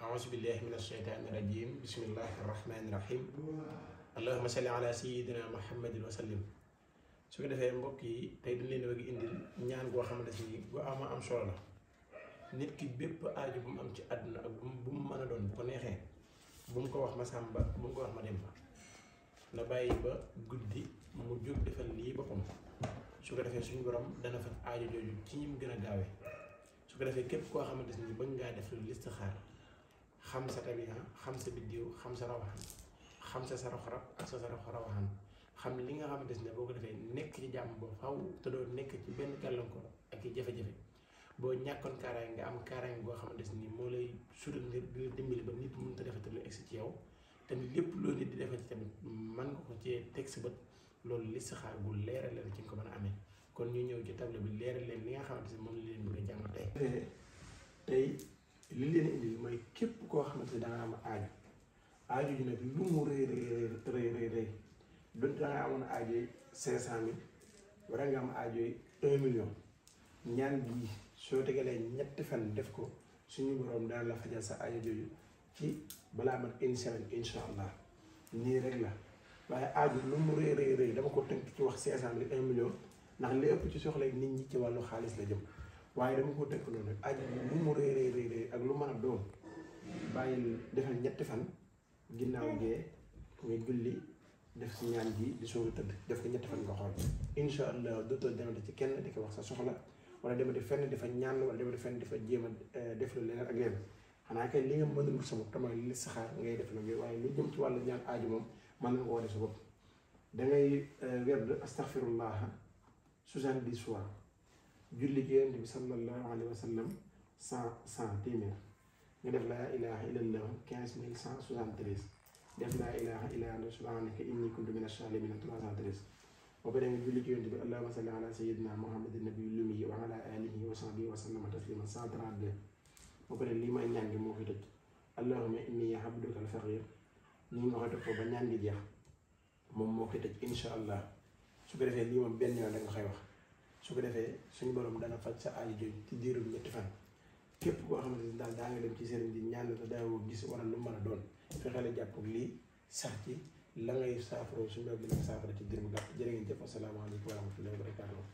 أعوذ بالله من الشيطان الرجيم بسم الله الرحمن الرحيم اللهم صل على سيدنا محمد وسلم su ko defee indil ñaan goo xamante si bu am solo la nit ki bépp aaju bu mu am ci àdduna ak bu mu mën a doon bu ko neexee bu mu ko wax ma sàmba bu mu ko wax ma dem ba na bàyyi ba guddi mu jóg defal xam sa tabian xam sa biddiw xam sa rawaxan xam sa sarax rab ak sa sarax rawaxan xam li nga xamante ne boo ko defee nekk ci jàmm boo faw te doo nekk ci benn gàllankoor ak i jafe-jafe boo ñàkkoon kaaraange nga am kaaraange boo xamante ni moo lay suutal ngir di dimbali ba nit mënut a defante lu egsi ci yow tamit lépp loolu nit di defante tamit man nga ko cee teg sa bët loolu listixaar gu leeral leen ci nga ko mën a amee kon ñu ñëw ci table bi leeral leen li nga xamante ni moom la leen bëgg a jàng tey eh, tey li leen indi mooy képp koo xamante ne da nga am aaju ajo ji nag lu mu rëy rëy rëy rëy donte da amoon aaju yi cinq cent mille war nga am aaju yi un million ñaan gii soo tegalee ñetti fan def ko suñu borom daal la fajal sa aaju jooju ci balaa mat une semaine allah nii rek la waaye aaju lu mu rëy rëy dama ko tënk ci wax cinq cent mille un million ndax li ëpp ci soxla nit ñi ci wàllu xaalis la jëm. waaye dama ko tënk noonu rek aji lu mu rëy rëy ak lu mën a doon bàyyil defal ñetti fan ginnaaw gee nga julli def ci ñaan ji di soogu tëdd def ko ñetti fan nga xool incha allah dootoo demati ci kenn di ko wax sa soxla wala demati fenn dafa ñaan wala demati fenn dafa jéem a eh, def lu leneen ak leneen xanaa kay li nga mënul sa bopp tamit li saxaar def la waaye wàllu ñaan aaju moom mën na ko def sa bopp dangay ngay eh, werd astaghfirullah soixante-dix fois julli ci yonent bi sallallahu alayhi wa sallam cent cent téeméer nga def laa ilaha illallah quinze mille cent soixante treize def laa ilaha illa anta subhanaka inni kuntu mina zalimin trois cent treize boo paree nga julli ci yonent bi allahumma salli ala sayyidina muhammadin nabiyil ummi wa ala alihi wa sahbihi wa sallama taslima cent trente-deux boo paree lii may ñaan gi moo koy tëj allahumma inni abduka al-faqir nii nga koy toppoo ba ñaan gi jeex moom moo koy tëj incha allah su ko defee lii moom benn yoon rek nga koy wax su ko defee suñu borom dana faj sa aaju jooju ci diirum ñetti fan képp koo xamante ni daal daa nga dem ci sëriñ bi ñaan la daawoo gis wala lu man a doon fexe la jàpp lii sax ci la ngay saafara suñu borom dina saafara ci diirum gàtt jërë ngeen jëf asalaamaaleykum wa rahmatullahi wa barakatuh